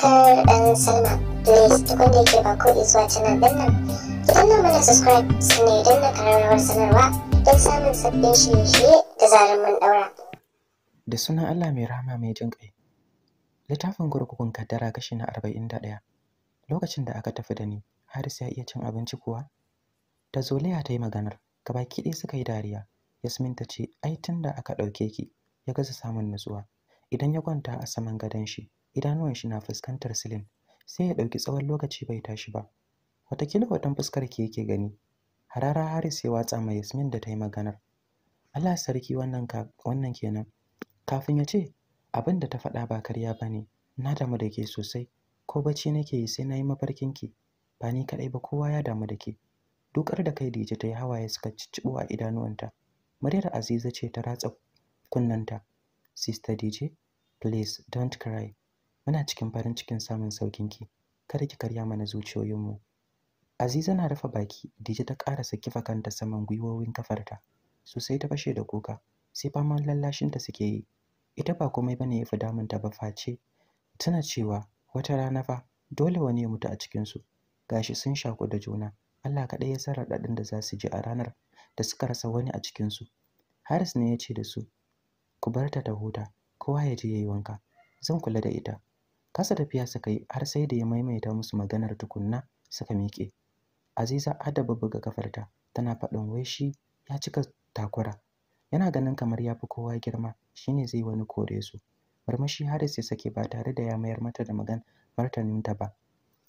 subscribe and sign up. Please tukun da yake ba ko zuwa canal din nan. Ki danna mana subscribe sannan idan na kararrawar sanarwa don samun sabbin shirye-shirye da zarar mun daura. Da sunan Allah mai rahama mai jin ƙai. Littafin gurgurun kaddara kashi na arba'in da ɗaya. Lokacin da aka tafi da ni, Haris ya iya cin abinci kuwa? Da zolaya ta yi maganar, gabaki ɗaya suka yi dariya. Yasmin ta ce, ai tun da aka ɗauke ki, ya gaza samun nutsuwa. Idan ya kwanta a saman gadon shi, idanuwan shi na fuskantar silin sai ya ɗauki tsawon lokaci bai tashi ba watakila hoton fuskar ki yake gani harara haris ya watsa mai yasmin da ta yi maganar allah sarki wannan wannan kenan kafin ya ce abin da ta faɗa ba karya ba ne na damu da ke sosai ko bacci nake yi sai na yi mafarkin ki ba ni kaɗai ba kowa ya damu da ke dukar da kai dije ta yi hawaye suka cicciɓo a idanuwanta muryar aziza ce ta ratsa kunnanta sister dije please don't cry Muna cikin farin cikin samun saukin ki. Kada ki karya mana zuciyoyinmu. Aziza na rufe baki, Dije ta ƙarasa kifa kanta saman gwiwowin kafarta. Sosai ta fashe da kuka, sai faman lallashin ta suke yi. Ita ba komai bane ya fi ta ba face. Tana cewa wata rana fa dole wani ya mutu a cikin su Gashi sun shaku da juna. Allah kaɗai ya san raɗaɗin da za su ji a ranar da suka rasa wani a cikinsu. Haris ne ya ce da su, ku barta ta huta, kowa ya je ya wanka. Zan kula da ita. kasa tafiya suka yi har sai da ya maimaita musu maganar tukunna suka miƙe aziza adaba buga kafarta tana faɗin wai shi ya cika takura yana ganin kamar ya fi kowa girma shine zai wani kore su marmashi haris ya sake ba tare da ya mayar mata da magan ta ba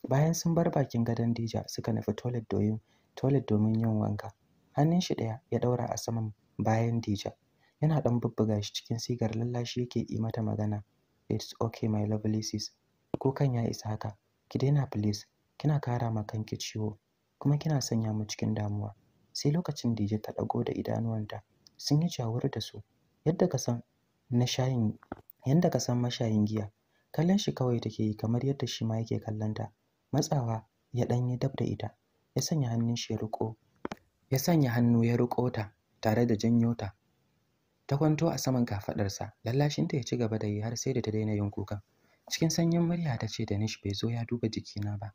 bayan sun bar bakin gadon dija suka nufi toilet domin toilet domin yin wanka hannun shi ɗaya ya ɗaura a saman bayan dija yana ɗan bubbuga shi cikin sigar lallashi yake yi mata magana it's okay my lovely sis kukan ya isa haka ki daina please kina kara ma kanki ciwo kuma kina sanya mu cikin damuwa sai lokacin da ya ta dago da idanuwanta sun yi jawur da su yadda ka san na shayin yadda ka san mashayin giya kallon shi kawai take yi kamar yadda shi ma yake kallon ta matsawa ya dan yi dab da ita ya sanya hannun shi ya riko ya sanya hannu ya riko ta tare da janyo ta ta kwanto a saman kafadarsa lallashinta ya ci gaba da yi har sai da ta daina yin kuka Cikin sanyin murya ta ce Danish bai zo ya duba jikina ba.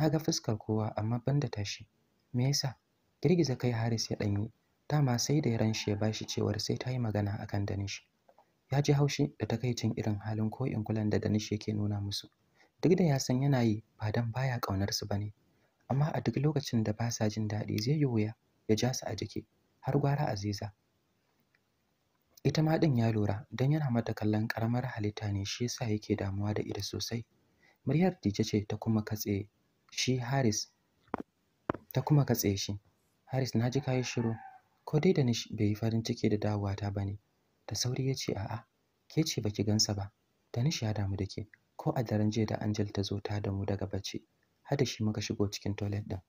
Na ga fuskar kowa amma ban da tashi. Me yasa? Girgiza kai Haris ya ɗanyi. Dama sai da ran shi ya bashi cewar sai ta yi magana akan Danish. Ya ji haushi da takaicin irin halin ko kulan da Danish yake nuna musu. Duk da ya san yana yi ba dan baya ƙaunar su bane. Amma a duk lokacin da ba sa jin daɗi zai yi wuya ya ja su a jiki har gwara Aziza ita ma ɗin ya lura don yana mata kallon ƙaramar halitta ne shi yasa yake damuwa da ita sosai muryar dije ce ta kuma katse shi haris ta kuma katse shi haris na ji kayi shiru ko dai da ni bai yi farin ciki da dawowa ba ne da sauri ya ce a'a ke ce baki gansa ba Da danish ya damu da ke ko a daren jiya da angel ta zo ta damu daga bacci har da shi muka shigo cikin toilet ɗin.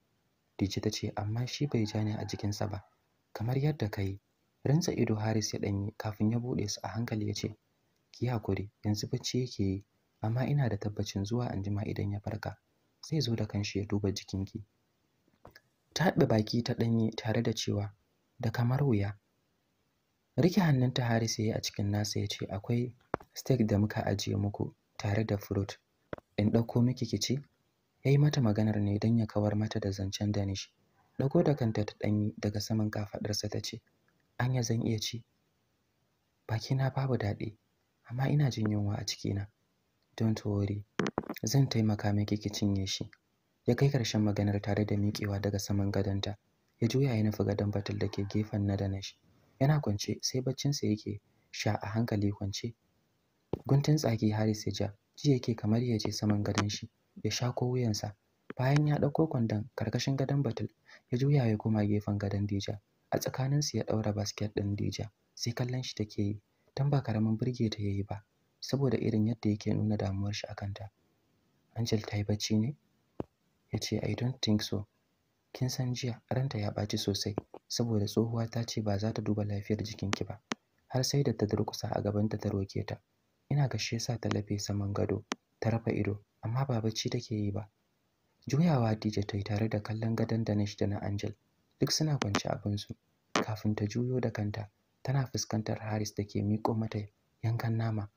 dije ta ce amma shi bai ja ni a jikinsa ba kamar yadda ka yi Rinsa ido Haris ya ɗanyi kafin ya buɗe su a hankali ya ce, Ki hakuri, yanzu bacci yake yi, amma ina da tabbacin zuwa anjima idan ya farka. Zai zo da kanshi ya duba jikinki. Ta haɗa baki ta yi tare da cewa, da kamar wuya. Rike hannunta Haris ya yi a cikin nasa ya ce, Akwai steak da muka ajiye muku tare da fruit. In ɗauko miki ki ci? Ya yi mata maganar ne don ya kawar mata da zancen Danish. Ɗago da kanta ta ɗanyi daga saman kafaɗarsa ta ce, anya zan iya ci bakina babu daɗi amma ina jin yunwa a cikina don't worry zan taimaka miki ki cinye shi ya kai ƙarshen maganar tare da miƙewa daga saman gadonta ya juya ya nufi gadon batul da ke gefen na da nashi yana kwance sai baccinsa yake sha a hankali kwance guntun tsaki haris ya ja ji yake kamar ya je saman gadon shi ya sha ko wuyansa bayan ya ɗauko kwandon karkashin gadon batul ya juya ya koma gefen gadon dija a tsakaninsu ya ɗaura basket ɗin Dija sai kallon shi take yi don ba karamin burge ta yayi ba saboda irin yadda yake nuna damuwar shi akan ta Angel ta yi bacci ne ya ce I don't think so kin san jiya ranta ya ɓaci sosai saboda tsohuwa ta ce ba za ta duba lafiyar jikin ki ba har sai da ta durƙusa a gabanta ta roke ta ina ga shi yasa ta lafe saman gado ta rafa ido amma ba bacci take yi ba juyawa Dija ta yi tare da kallon gadon da na da na Angel duk suna kwance abinsu kafin ta juyo da kanta tana fuskantar Haris da ke miƙo mata yankan nama.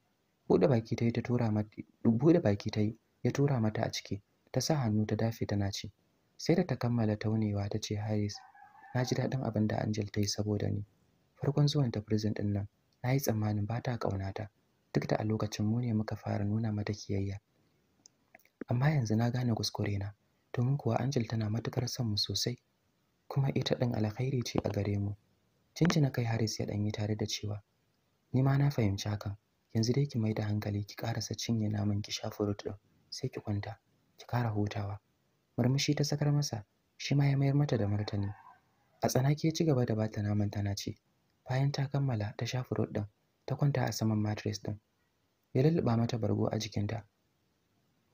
Buɗe baki ta yi ta tura mata buɗe baki ta yi ya tura mata a ciki ta sa hannu ta dafe tana ci. Sai da ta kammala taunewa ta ce Haris na ji daɗin abin da Angel ta yi saboda ni. Farkon zuwan ta prison ɗin nan na yi tsammanin ba ta ƙaunata duk da a lokacin mu ne muka fara nuna mata kiyayya. Amma yanzu na gane kuskure na domin kuwa Angel tana matuƙar son mu sosai kuma ita ɗin alkhairi ce a gare mu cincina kai haris ya ɗanyi tare da cewa ni ma na fahimci hakan yanzu dai ki mai da hankali ki ƙarasa cinye naman ki sha ɗin sai ki kwanta ki ƙara hutawa murmushi ta sakar masa shi ma ya mayar mata da martani a tsanaki ya ci gaba da bata naman tana ce bayan ta kammala ta sha ɗin ta kwanta a saman matris ɗin ya lulluɓa mata bargo a jikinta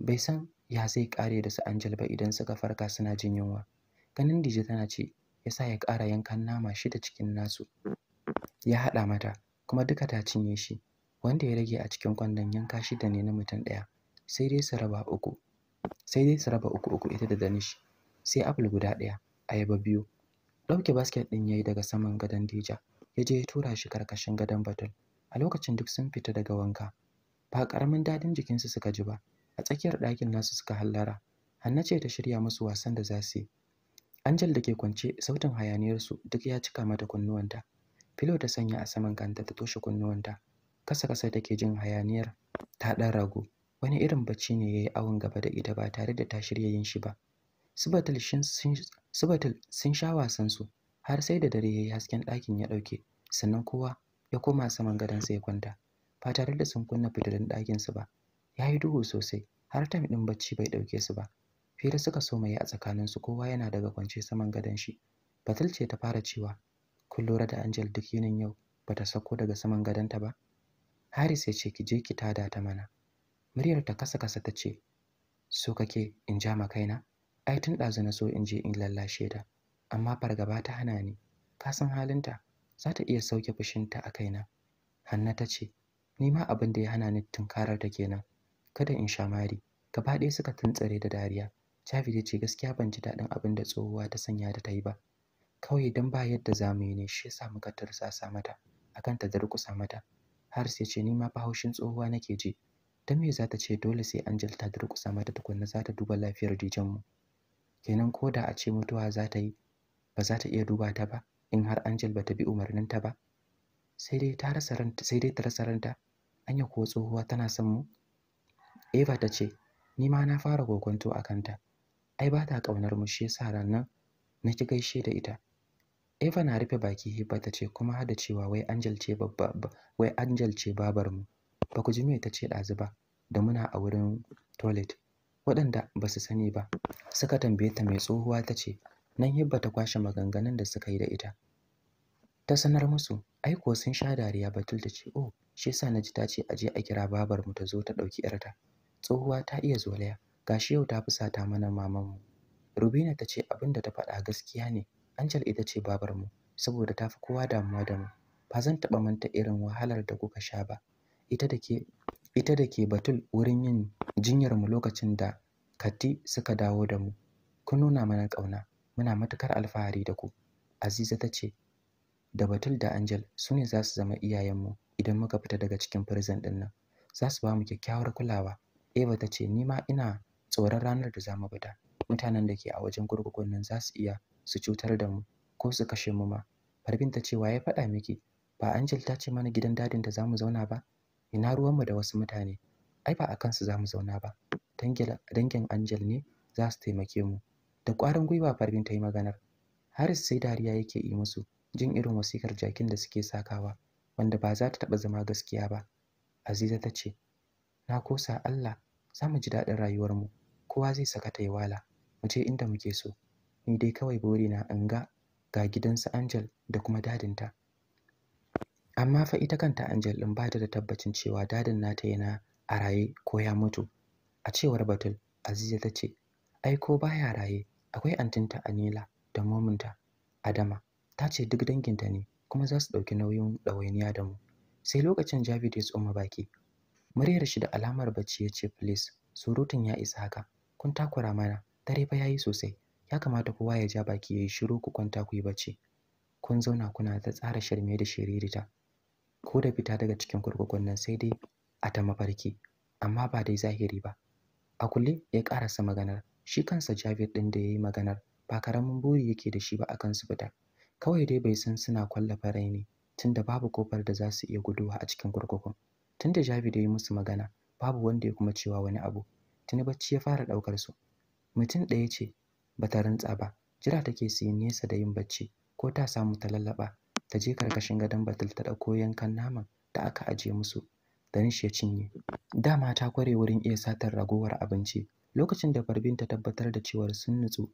bai san ya zai ƙare da su Angel ba idan suka farka suna jin yunwa Ganin Dije tana ce ya sa ya ƙara yankan nama shida cikin nasu. Ya haɗa mata kuma duka ta cinye shi. Wanda ya rage a cikin kwandon yanka da ne na mutum ɗaya. Sai dai su raba uku. Sai dai su raba uku uku ita da Danish. Sai apple guda ɗaya, ayaba biyu. Ɗauke basket ɗin ya yi daga saman gadon Dija. Ya je ya tura shi karkashin gadon Batul. A lokacin duk sun fita daga wanka. Ba ƙaramin daɗin jikinsu suka ji ba. A tsakiyar ɗakin nasu suka hallara. Hanna ce ta shirya musu wasan da za su yi. Angel da ke kwance sautin hayaniyarsu duk ya cika mata kunnuwanta. Filo ta sanya a saman kanta ta toshe kunnuwanta. Kasa-kasa take jin hayaniyar ta ɗan ragu. Wani irin bacci ne yayi yi awon gaba da ita ba tare da ta shirya yin shi ba. Subatul sun sha wasan su har sai da dare yayi hasken ɗakin ya ɗauke sannan kowa ya koma saman gadon gadonsa ya kwanta ba tare da sun kunna ɗakin su ba. yayi duhu sosai har tam ɗin bacci bai ɗauke su ba. Fira suka so mai a tsakaninsu kowa yana daga kwance saman gadon shi. Batul ce ta fara cewa, kun lura da Angel duk yinin yau bata sauko daga saman gadon ta ba? Haris ya ce ki je ki tada ta mana. Muryar ta kasa kasa ta ce, so kake in ja ma kaina? Ai tun ɗazu na so in je in lallashe ta, amma fargaba ta hana ni. Ka san halinta, za ta iya sauke fushinta a kaina. Hanna ta ce, ni ma abin da ya hana ni tunkarar ta kenan. Kada in sha mari. Gaba ɗaya suka tuntsare da dariya. Javid ya ce gaskiya ban ji daɗin abin da tsohuwa ta sanya da ta yi ba. Kawai don ba yadda za mu yi ne shi yasa muka sa mata akan ta durƙusa mata. har ya ce ni ma fa haushin tsohuwa nake ji. Don me za ta ce dole sai Angel ta durƙusa mata tukunna za ta duba lafiyar mu? Kenan ko da a ce mutuwa za ta yi ba za ta iya duba ta ba in har Angel ba ta bi umarninta ba. Sai dai ta rasa ranta sai dai ta rasa ranta anya kuwa tsohuwa tana son mu. Eva ta ce ni ma na fara kokonto a kanta. ai ba ta ƙaunar mu shi yasa ranar na ki gaishe da ita Eva na rufe baki Hibba ta ce kuma hada cewa wai Angel ce babba wai Angel ce babar mu ba ku ji me ta ce ɗazu ba da muna a wurin toilet waɗanda ba su sani ba suka tambaye ta mai tsohuwa ta ce nan Hibba ta kwashe maganganun da suka yi da ita ta sanar musu ai ko sun sha dariya batul ta ce oh shi yasa ji ta ce a aje a kira babar mu ta zo ta ɗauki yarta tsohuwa ta iya zolaya gashi yau ta fusata mana mamanmu Rubina ta ce abin da ta faɗa gaskiya ne Angel ita ce babarmu saboda ta fi kowa damuwa da mu ba zan taɓa manta irin wahalar da kuka sha ba ita da ke ita da ke Batul wurin yin jinyar mu lokacin da Kati suka dawo da mu kun nuna mana ƙauna muna matukar alfahari da ku Aziza ta ce da Batul da Angel su ne za su zama iyayenmu idan muka fita daga cikin prison ɗin nan za su ba mu kyakkyawar kulawa Eva ta ce ni ma ina tsoron ranar da za mu bada, mutanen da ke a wajen gurgugun nan za su iya su cutar da mu ko su kashe mu ma farbin ta cewa ya faɗa miki ba angel ta ce mana gidan dadin da za mu zauna ba ina ruwanmu da wasu mutane ai ba a kansu za mu zauna ba dangin angel ne za su taimake mu da ƙwarin gwiwa farbin ta yi maganar haris sai dariya yake yi musu jin irin wasikar jakin da suke sakawa wanda ba za ta taɓa zama gaskiya ba aziza ta ce na kosa allah za mu ji daɗin rayuwarmu kowa zai saka ta yi wala mu je inda muke so ni dai kawai na in ga ga gidansa Angel da kuma dadinta amma fa ita kanta Angel din ba ta da tabbacin cewa dadin nata yana a raye ko ya mutu a cewar Batul Aziza ta ce ai ko baya raye akwai antinta Anila da mominta Adama ta ce duk danginta ne kuma za su ɗauki nauyin ɗawainiya da mu sai lokacin Javid ya tsoma baki muryar shi da alamar bacci ya ce please surutun ya isa haka kun takura mana dare fa yayi sosai ya kamata kowa ya ja baki yayi shiru ku kwanta ku yi bacci kun zauna kuna ta tsara shirme da shiririta ko da fita daga cikin kurkukun nan sai dai a ta mafarki amma ba dai zahiri ba a kulle ya karasa maganar shi kansa Javid din da yayi maganar ba karamin buri yake da shi ba akan su fita kawai dai bai san suna kwallafa rai ne tunda babu kofar da za su iya guduwa a cikin kurkukun tunda Javid ya yi musu magana babu wanda ya kuma cewa wani abu tuni bacci ya fara ɗaukar su mutum ɗaya ce ba ta rantsa ba jira take su yi nesa da yin bacci ko ta samu ta lallaɓa ta je karkashin gadon batul ta ɗauko yankan naman da aka ajiye musu da nishi ya cinye dama ta kware wurin iya satar ragowar abinci lokacin da farbin ta tabbatar da cewar sun nutsu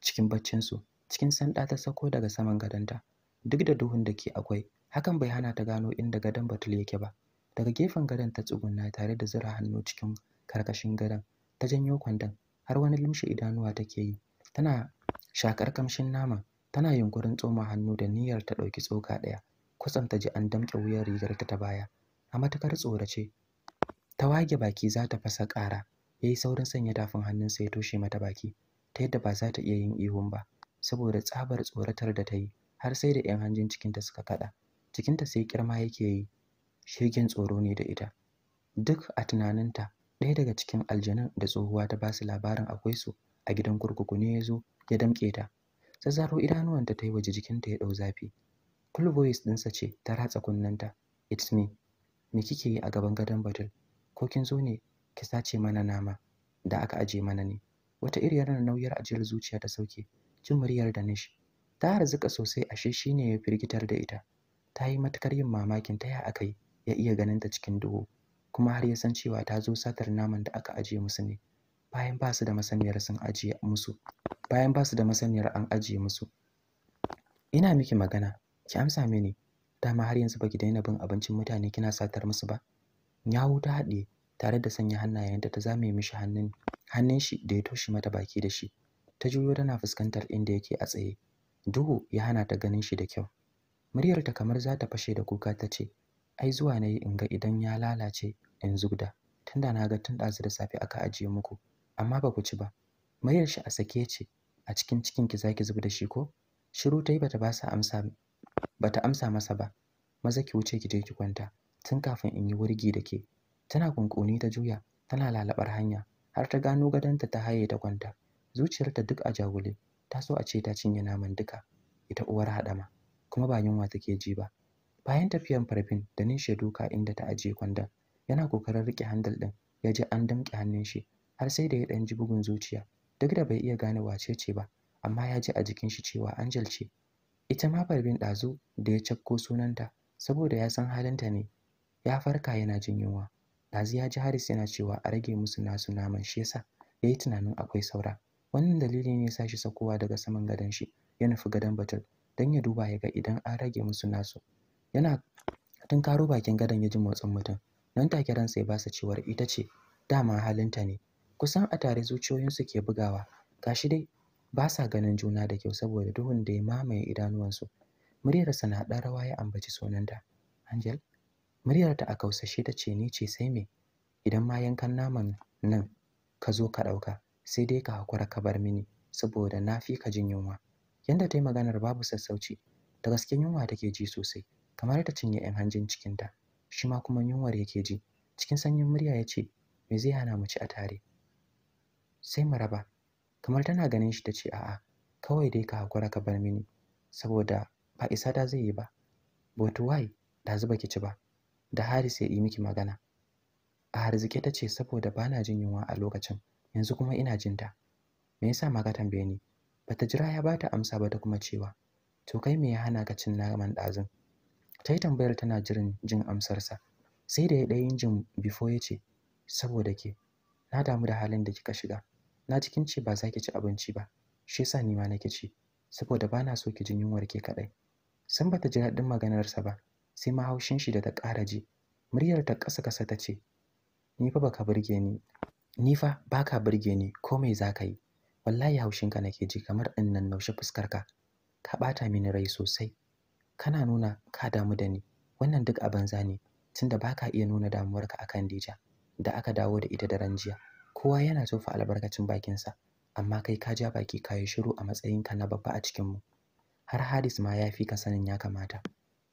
cikin baccinsu cikin sanda ta sako daga saman gadonta duk da duhun da ke akwai hakan bai hana ta gano inda gadon batul yake ba daga gefen gadon ta tsugunna tare da zura hannu cikin karkashin gadon ta janyo kwandon har wani limshe idanuwa take yi tana shakar kamshin naman tana yunkurin tsoma hannu da niyyar ta ɗauki tsoka ɗaya kusan ta ji an damƙe wuyar rigarta ta baya a matukar tsorace ta wage baki za ta fasa ƙara ya yi saurin sanya tafin hannunsa ya toshe mata baki ta yadda ba za ta iya yin ihun ba saboda tsabar tsoratar da ta yi har sai da 'yan hanjin cikinta suka kaɗa cikinta sai kirma yake yi shirgin tsoro ne da ita duk a tunaninta ɗaya daga cikin aljanun da tsohuwa ta basu labarin akwai su a gidan kurkuku ne ya zo ya damƙe ta zazzaro idanuwanta ta yi waje jikinta ya ɗau zafi cool voice ɗinsa ce ta ratsa kunnenta it's me me kike yi a gaban gadon batul ko kin zo ne ki sace mana nama da aka aje mana ne wata iri-irin iriyar nauyar ajiyar zuciya ta sauke jin muryar da danish ta harzuka sosai ashe shine ya firgitar da ita ta yi matukar yin mamakin ta ya aka yi ya iya ganin ta cikin duhu kuma har ya san cewa ta zo satar naman da aka ajiye musu ne bayan ba su da masaniyar sun ajiye musu bayan ba su da masaniyar an ajiye musu ina miki magana ki amsa mini dama har yanzu ba ki daina bin abincin mutane kina satar musu ba nyawu ta haɗe tare da sanya hannayen da ta zame mishi hannun hannun shi da ya toshe mata baki da shi ta juyo tana fuskantar inda yake a tsaye duhu ya hana ta ganin shi da kyau muryarta kamar za ta fashe da kuka ta ce ai zuwa na yi in ga idan ya lalace in zubda tunda na ga tun ɗazu da safe aka ajiye muku amma ba ku ci ba mayar shi a sake ce a cikin cikin ki zaki zub da shi ko shiru ta yi bata ba sa amsa bata amsa masa ba maza ki wuce ki je ki kwanta tun kafin in yi wurgi da ke tana kunkuni ta juya tana lalabar hanya har ta gano gadonta ta haye ta kwanta zuciyarta duk a jagule ta so a ce ta cinye naman duka ita uwar haɗama kuma ba yunwa take ji ba Bayan tafiyar farfin, da ya duka inda ta ajiye kwandon. Yana kokarin riƙe handle ɗin, ya ji an damƙe hannun shi, har sai da ya ɗan ji bugun zuciya. Duk da bai iya gane wace ce ba, amma ya ji a jikin shi cewa Angel ce. Ita ma farfin ɗazu da ya cakko sunanta, saboda ya san halinta ne. Ya farka yana jin yunwa. Ɗazu ya ji Haris yana cewa a rage musu nasu naman shi yasa ya yi tunanin akwai saura. Wannan dalili ne ya sa shi saukowa daga saman gadon shi ya nufi gadon Batul don ya duba ya ga idan an rage musu nasu. yana tun karo bakin gadon ya ji motsin mutum nan take ransa ya basa cewar ita ce dama halinta ne kusan a tare zuciyoyinsu ke bugawa gashi dai ba sa ganin juna da kyau saboda duhun da ya mamaye idanuwansu muryarsa na ɗan rawa ya ambaci sunanta angel muryarta a kausashe ta ce ni ce sai me idan ma yankan naman nan ka zo ka ɗauka sai dai ka hakura ka bar mini saboda na fi ka jin yunwa yanda ta yi maganar babu sassauci da gasken yunwa take ji sosai kamar ta cinye 'yan hanjin cikinta shi ma kuma yunwar yake ji cikin sanyin murya ya ce me zai hana mu ci a tare sai mu raba kamar tana ganin shi ta ce a'a kawai dai ka hakura ka bar mini saboda ba isa da zai yi ba why da zuba ki ci ba da haris ya yi miki magana a harzike ta ce saboda bana jin yunwa a lokacin yanzu kuma ina jinta me yasa ma ka tambaye ni bata jira ya bata amsa ba ta kuma cewa to kai me ya hana ka cin naman ɗazun ta yi tambayar tana jirin jin amsarsa sai da ya ɗaya jin bifo ya ce saboda ke na damu da halin da kika shiga na cikin ce ba za ki ci abinci ba shi sa ni ma ki ci saboda ba na so ki jin yunwar ke kaɗai ba ta ji daɗin maganarsa ba sai ma haushin shi da ta ƙara ji muryar ta ƙasa ƙasa ta ce ni fa baka burge ni ni fa baka burge ni ko me za ka yi wallahi haushinka nake ji kamar in nan naushe fuskarka ka ɓata mini rai sosai kana nuna ka damu da ni wannan duk a banza ne tunda ka iya nuna damuwarka a kan Dija da aka dawo da ita daren jiya kowa yana tofa albarkacin bakinsa amma kai ka ja baki ka yi shiru a matsayinka na babba a cikinmu har hadis ma ya fi ka sanin ya kamata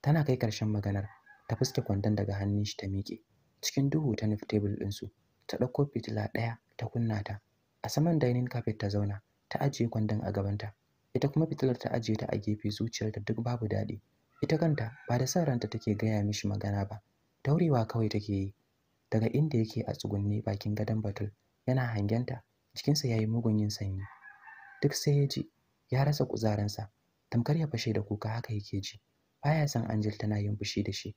tana kai ƙarshen maganar ta fuske kwandon daga hannun shi ta miƙe cikin duhu ta nufi tebul ɗinsu ta ɗauko fitila ɗaya ta kunna ta a saman dining carpet ta zauna ta ajiye kwandon a gabanta ita kuma fitilar ta ajiye ta a gefe zuciyar da duk babu daɗi ita kanta ba da sa ranta take gaya mishi magana ba daurewa kawai take yi daga inda yake a tsugunne bakin gadon batul yana hangenta Cikinsa ya yi mugun yin sanyi duk sai ya ji ya rasa kuzarinsa tamkar ya fashe da kuka haka yake ji baya san anjil tana yin fushi da shi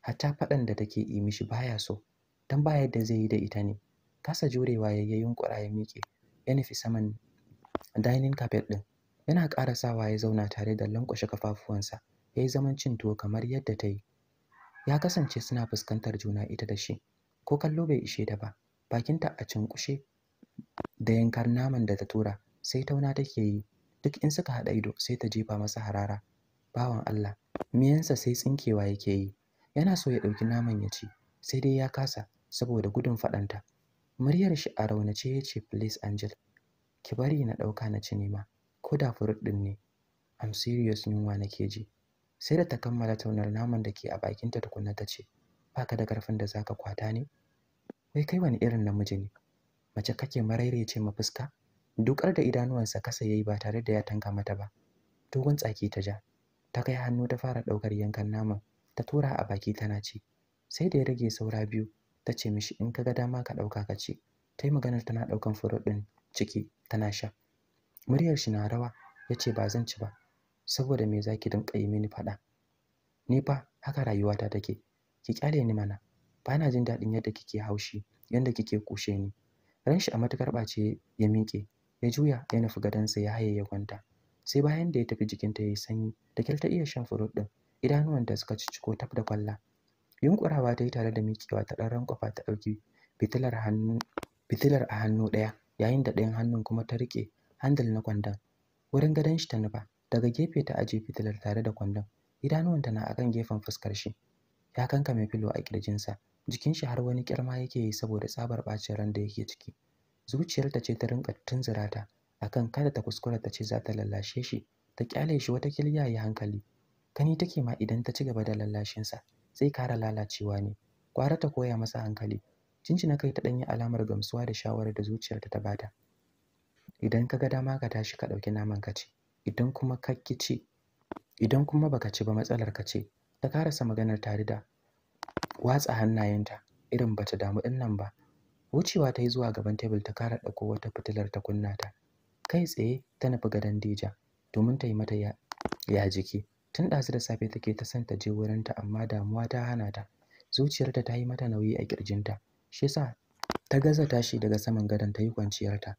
hatta faɗan da take yi mishi baya so dan ba yadda zai yi da ita ne kasa jurewa ya yi kura ya miƙe ya nufi saman dining carpet ɗin yana ƙara sawa ya zauna tare da lankwashe kafafuwansa ya yi zaman cin tuwo kamar yadda ta yi ya kasance suna fuskantar juna ita da shi ko kallo bai ishe ta ba bakinta a cinkushe da yankar naman da ta tura sai tauna take yi duk in suka haɗa ido sai ta jefa masa harara bawan Allah miyansa sai tsinkewa yake yi yana so ya ɗauki naman ya ci sai dai ya kasa saboda gudun faɗanta muryar shi a raunace ya ce please angel ki bari na ɗauka na ci nema ko da furut ɗin ne I'm serious yunwa nake ji sai da ta kammala taunar naman da ke a bakinta tukunna ta ce baka da karfin da zaka kwata ne wai kai wani irin namiji ne mace kake ce ma fuska dukar da idanuwansa kasa yayi ba tare da ya tanka mata ba dogon tsaki ta ja ta kai hannu ta fara daukar yankan naman ta tura a baki tana ci sai da ya rage saura biyu ta ce mishi in ka ga dama ka dauka ka ci ta yi maganar tana daukan furo din ciki tana sha muryar shi na rawa yace ba zan ci ba saboda me zaki dinka yi mini faɗa ni fa haka rayuwata take ki kyale ni mana bana jin daɗin yadda kike haushi yadda kike kushe ni ran shi a matukar ɓace ya miƙe ya juya ya nufi gadansa ya haye ya kwanta sai bayan da ya tafi jikinta ya yi sanyi da kyar ta iya shan furut ɗin da suka cicciko tab da kwalla yunkurawa ta yi tare da miƙewa ta ɗan rankwafa ta ɗauki fitilar hannu fitilar a hannu ɗaya yayin da ɗayan hannun kuma ta riƙe handil na kwandon wurin gadon shi ta nufa daga gefe ta ajiye fitilar tare da kwandon idanuwanta na akan gefen fuskar shi ya mai filo a kirjinsa jikin shi har wani kirma yake yi saboda tsabar bacin ran da yake ciki zuciyarta ce ta rinka tunzura ta akan kada ta kuskura ta ce za ta lallashe shi ta kyale shi wata kilya yi hankali kani take ma idan ta ci gaba da sa sai kara lalacewa ne kwara ta koya masa hankali cincina kai ta danyi alamar gamsuwa da shawarar da zuciyarta ta bata idan ka ga dama ka tashi ka ɗauki naman ka ci idan kuma ka ce idan kuma baka ci ba matsalar ka ce ta karasa maganar tare da watsa hannayenta irin bata damu din nan ba wucewa ta yi zuwa gaban tebul ta kara ɗauko wata fitilar ta kunna ta kai tsaye ta nufi gadon Dija domin ta yi mata ya, jiki tun ɗazu da safe take ta son ta je ta amma damuwa ta hana ta zuciyarta ta yi mata nauyi a kirjinta shi yasa ta gaza tashi daga saman gadon ta yi kwanciyarta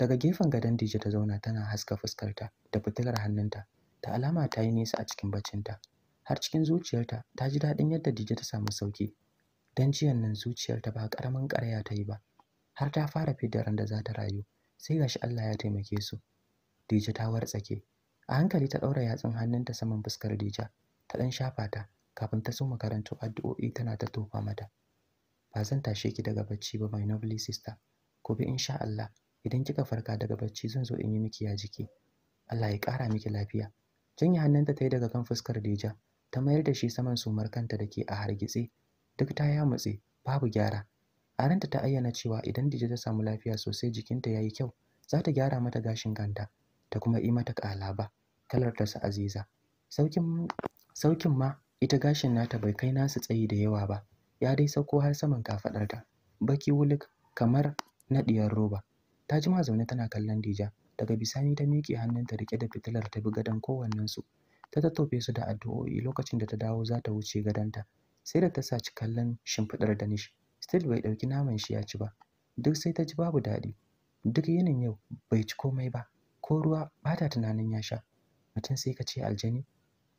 daga gefen gadon dije ta zauna tana haska fuskarta da fitilar hannunta da alama ta yi nesa a cikin baccinta har cikin zuciyarta ta ji daɗin yadda dije ta samu sauki don jiyan nan zuciyarta ba ƙaramin ƙarya ta yi ba har ta fara fidda ran da za ta rayu sai gashi Allah ya taimake su dije ta wartsake a hankali ta ɗaura yatsun hannunta saman fuskar dija ta ɗan shafa ta kafin ta so makarantu addu'o'i tana ta tofa mata ba zan tashe ki daga bacci ba my lovely sister gobe insha Allah idan kika farka daga bacci zan zo in yi miki ya jiki Allah ya ƙara miki lafiya janye hannunta ta yi daga kan fuskar Deja ta mayar da shi saman sumar kanta da ke a hargitse duk ta ya mutse babu gyara aranta ta ayyana cewa idan Deja ta samu lafiya sosai jikinta ya yi kyau za ta gyara mata gashin kanta ta kuma yi mata ƙalaba kalar ta su aziza saukin saukin ma ita gashin nata bai kai nasu tsayi da yawa ba ya dai sauko har saman kafaɗarta baki wulik kamar naɗiyar roba Ta jima zaune tana kallon Dija. Daga bisani ta miƙe hannunta riƙe da fitilar ta bi gadon kowannen su Ta tattaufe su da addu'o'i lokacin da ta dawo za ta wuce gadonta. Sai da ta saci kallon shimfiɗar Danish. Still bai ɗauki naman shi ya ci ba. Duk sai ta ji babu daɗi. Duk yinin yau bai ci komai ba. Ko ruwa ba ta tunanin ya sha. Mutum sai ka ce aljani.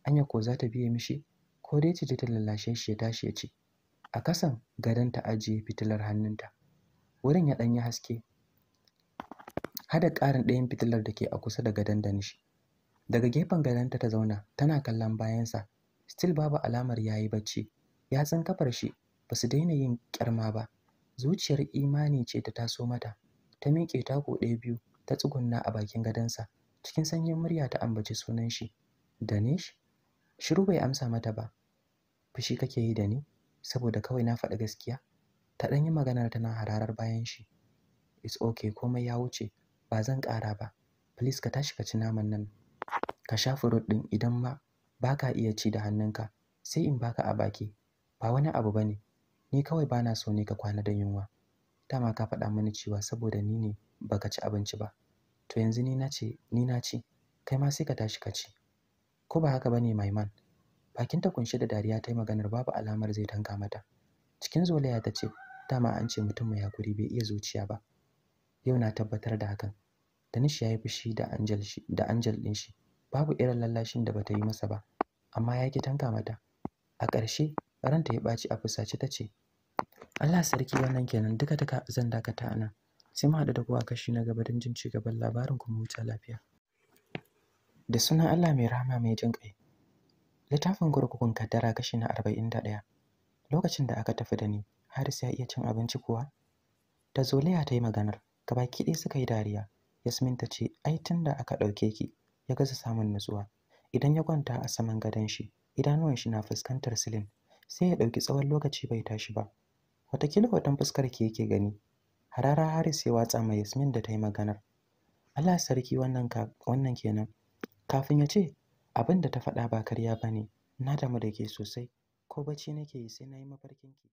Anya ko za ta biye mishi? Ko dai ce ta lallashe shi ya tashi ya ci. A kasan gadon ta ajiye fitilar hannunta. Wurin ya ɗanyi haske hada ƙarin ɗayan fitilar da ke a kusa da gadon danish daga gefen gadonta ta zauna tana kallon bayansa still babu alamar yayi bacci ya san kafar shi ba su daina yin ƙyarma ba zuciyar imani ce ta taso mata ta miƙe tako ɗaya biyu ta tsugunna a bakin gadonsa cikin sanyin murya ta ambaci sunan shi danish shiru bai amsa mata ba fushi kake yi da ni saboda kawai na faɗi gaskiya ta ɗan yi maganar tana hararar bayan shi it's okay komai ya wuce ba zan ƙara ba please ka tashi ka ci naman nan ka sha furut ɗin idan ma ba ka iya ci da hannunka sai in baka a baki ba wani abu ba ne ni kawai ba na so ne ka kwana da yunwa dama ka faɗa mini cewa saboda ni ne baka ci abinci ba to yanzu ni na ce ni na ci kai ma sai ka tashi ka ci ko ba haka bane maiman bakinta kunshe da dariya ta yi maganar babu alamar zai tanka mata cikin zolaya ta ce dama an ce mutum mai hakuri bai iya zuciya ba yau na tabbatar da hakan danish ya yi fushi da angel shi da angel din shi babu irin lallashin da bata yi masa ba amma ya ki tanka mata a ƙarshe ranta ya ɓaci a fusace ta ce Allah sarki wannan kenan duka duka zan dakata a nan sai mu haɗu da kowa kashi na gaba don jin cigaban labarin kuma huta lafiya da sunan Allah mai rahama mai jin ƙai littafin kurkukun kaddara kashi na arba'in da ɗaya lokacin da aka tafi da ni haris ya iya cin abinci kuwa ta zolaya ta yi maganar Gabaki ɗaya suka yi dariya. Yasmin ta ce, "Ai tun da aka ɗauke ki, ya gaza samun nutsuwa. Idan ya kwanta a saman gadon shi, idanuwan shi na fuskantar silin, sai ya ɗauki tsawon lokaci bai tashi ba. Watakila hoton fuskar ki yake gani." Harara Haris ya watsa ma Yasmin da ta yi maganar. Allah sarki wannan ka wannan kenan. Kafin ya ce, abin da ta faɗa ba karya ba ne, na damu da ke sosai, ko bacci nake yi sai na yi mafarkin ki.